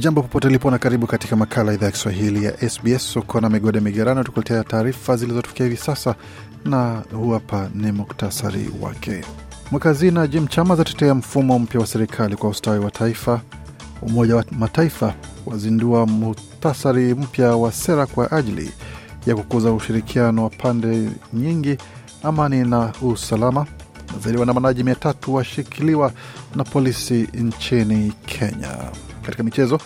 Jambo popote ulipo na karibu katika makala idhaa ya Kiswahili ya SBS. Uko na Migode Migerano tukuletea taarifa zilizotufikia hivi sasa, na huu hapa ni muktasari wake. Mwakazina Jim Chalmers atetea mfumo mpya wa serikali kwa ustawi wa taifa. Umoja wa Mataifa wazindua muhtasari mpya wa sera kwa ajili ya kukuza ushirikiano wa pande nyingi, amani na usalama. Na zaidi waandamanaji mia tatu washikiliwa na polisi nchini Kenya. Katika michezo,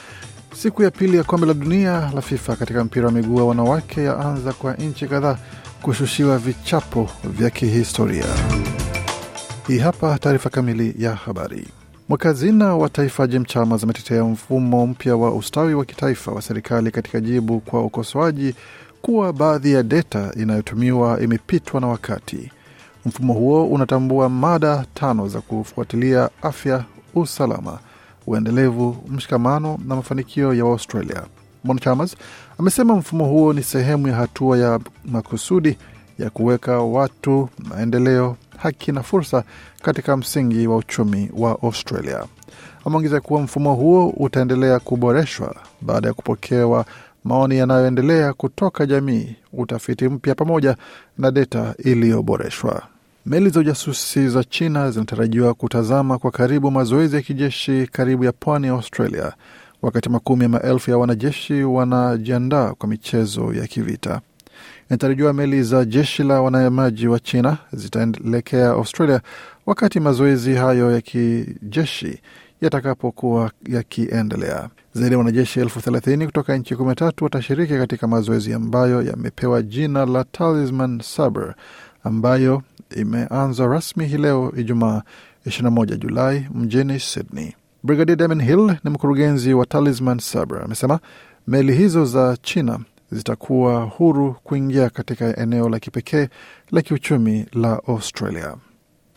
siku ya pili ya kombe la dunia la FIFA katika mpira wa miguu wa wanawake yaanza kwa nchi kadhaa kushushiwa vichapo vya kihistoria. Hii hapa taarifa kamili ya habari. Mwakazina wa taifa Jim Chalmers ametetea mfumo mpya wa ustawi wa kitaifa wa serikali katika jibu kwa ukosoaji kuwa baadhi ya deta inayotumiwa imepitwa na wakati. Mfumo huo unatambua mada tano za kufuatilia afya, usalama, uendelevu, mshikamano na mafanikio ya Australia. Mon Chalmers amesema mfumo huo ni sehemu ya hatua ya makusudi ya kuweka watu, maendeleo, haki na fursa katika msingi wa uchumi wa Australia. Ameongeza kuwa mfumo huo utaendelea kuboreshwa baada ya kupokewa maoni yanayoendelea kutoka jamii, utafiti mpya pamoja na deta iliyoboreshwa. Meli za ujasusi za China zinatarajiwa kutazama kwa karibu mazoezi ya kijeshi karibu ya pwani ya Australia, wakati makumi ya maelfu ya wanajeshi wanajiandaa kwa michezo ya kivita. Inatarajiwa meli za jeshi la wanamaji wa China zitaelekea Australia wakati mazoezi hayo ya kijeshi yatakapokuwa yakiendelea. Zaidi ya wanajeshi elfu thelathini kutoka nchi kumi na tatu watashiriki katika mazoezi ambayo yamepewa jina la Talisman Sabre ambayo imeanza rasmi hii leo Ijumaa 21 Julai mjini Sydney. Brigadier Damon Hill ni mkurugenzi wa Talisman Sabra amesema meli hizo za China zitakuwa huru kuingia katika eneo la kipekee la kiuchumi la Australia.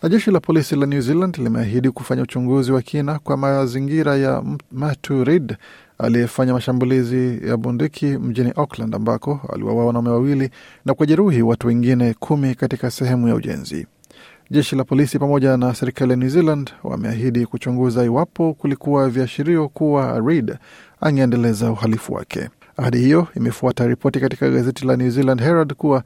Na jeshi la polisi la New Zealand limeahidi kufanya uchunguzi wa kina kwa mazingira ya Maturid aliyefanya mashambulizi ya bunduki mjini Auckland ambako aliwaua wanaume wawili na kujeruhi watu wengine kumi katika sehemu ya ujenzi. Jeshi la polisi pamoja na serikali ya New Zealand wameahidi kuchunguza iwapo kulikuwa viashirio kuwa Reid angeendeleza uhalifu wake. Ahadi hiyo imefuata ripoti katika gazeti la New Zealand Herald kuwa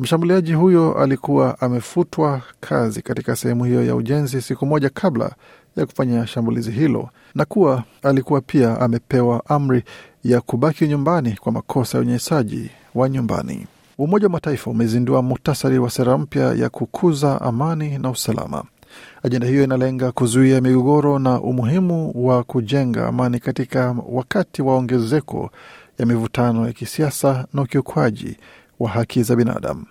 mshambuliaji huyo alikuwa amefutwa kazi katika sehemu hiyo ya ujenzi siku moja kabla ya kufanya shambulizi hilo na kuwa alikuwa pia amepewa amri ya kubaki nyumbani kwa makosa ya unyenyesaji wa nyumbani. Umoja wa Mataifa umezindua muhtasari wa sera mpya ya kukuza amani na usalama. Ajenda hiyo inalenga kuzuia migogoro na umuhimu wa kujenga amani katika wakati wa ongezeko ya mivutano ya kisiasa na ukiukwaji wa haki za binadamu.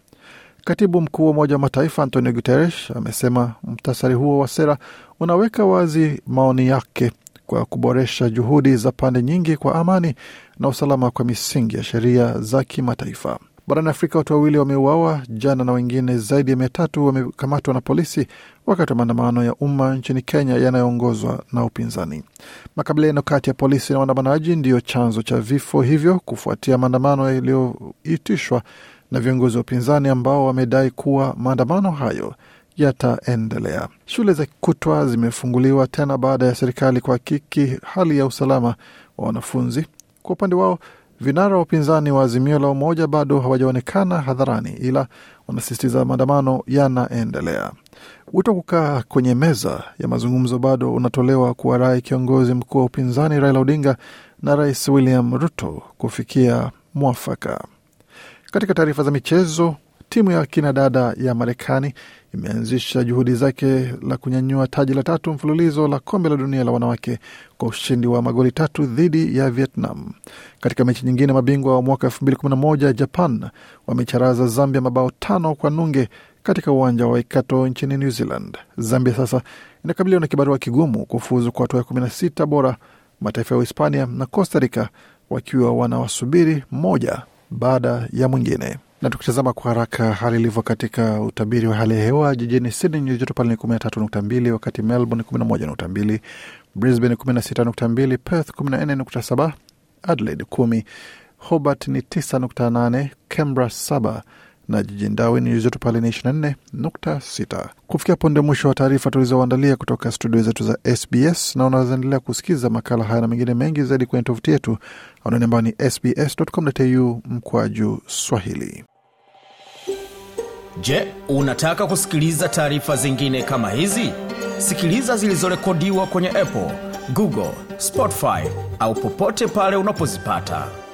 Katibu mkuu wa Umoja wa Mataifa Antonio Guterres amesema mtasari huo wa sera unaweka wazi maoni yake kwa kuboresha juhudi za pande nyingi kwa amani na usalama kwa misingi ya sheria za kimataifa. Barani Afrika, watu wawili wameuawa jana na wengine zaidi ya mia tatu wamekamatwa na polisi wakati wa maandamano ya umma nchini Kenya yanayoongozwa na upinzani. Makabiliano kati ya polisi na waandamanaji ndiyo chanzo cha vifo hivyo kufuatia maandamano yaliyoitishwa na viongozi wa upinzani ambao wamedai kuwa maandamano hayo yataendelea. Shule za kutwa zimefunguliwa tena baada ya serikali kuhakiki hali ya usalama wa wanafunzi. Kwa upande wao, vinara wa upinzani wa Azimio la Umoja bado hawajaonekana hadharani, ila wanasisitiza maandamano yanaendelea. Wito wa kukaa kwenye meza ya mazungumzo bado unatolewa kuwa rai kiongozi mkuu wa upinzani Raila Odinga na Rais William Ruto kufikia mwafaka. Katika taarifa za michezo, timu ya kinadada ya Marekani imeanzisha juhudi zake la kunyanyua taji la tatu mfululizo la kombe la dunia la wanawake kwa ushindi wa magoli tatu dhidi ya Vietnam. Katika mechi nyingine, mabingwa wa mwaka 2011 Japan wamecharaza Zambia mabao tano kwa nunge katika uwanja wa Waikato nchini New Zealand. Zambia sasa inakabiliwa na kibarua kigumu kufuzu kwa hatua ya 16 bora, mataifa ya Uhispania na Costa Rica wakiwa wanawasubiri moja baada ya mwingine. Na tukitazama kwa haraka hali ilivyo katika utabiri wa hali ya hewa jijini Sydney, nyuzi joto pale ni 13.2, wakati Melbourne 11.2, Brisbane 16.2, Perth 14.7, Adelaide 10, Hobart ni 9.8, Canberra 7 na jijini Darwin nyuzi zetu pale ni 24.6. Kufikia ponde mwisho wa taarifa tulizoandalia kutoka studio zetu za SBS, na unawezaendelea kusikiza makala haya na mengine mengi zaidi kwenye tovuti yetu anaone ambayo ni sbs.com.au mkwaju swahili. Je, unataka kusikiliza taarifa zingine kama hizi? Sikiliza zilizorekodiwa kwenye Apple, Google, Spotify au popote pale unapozipata.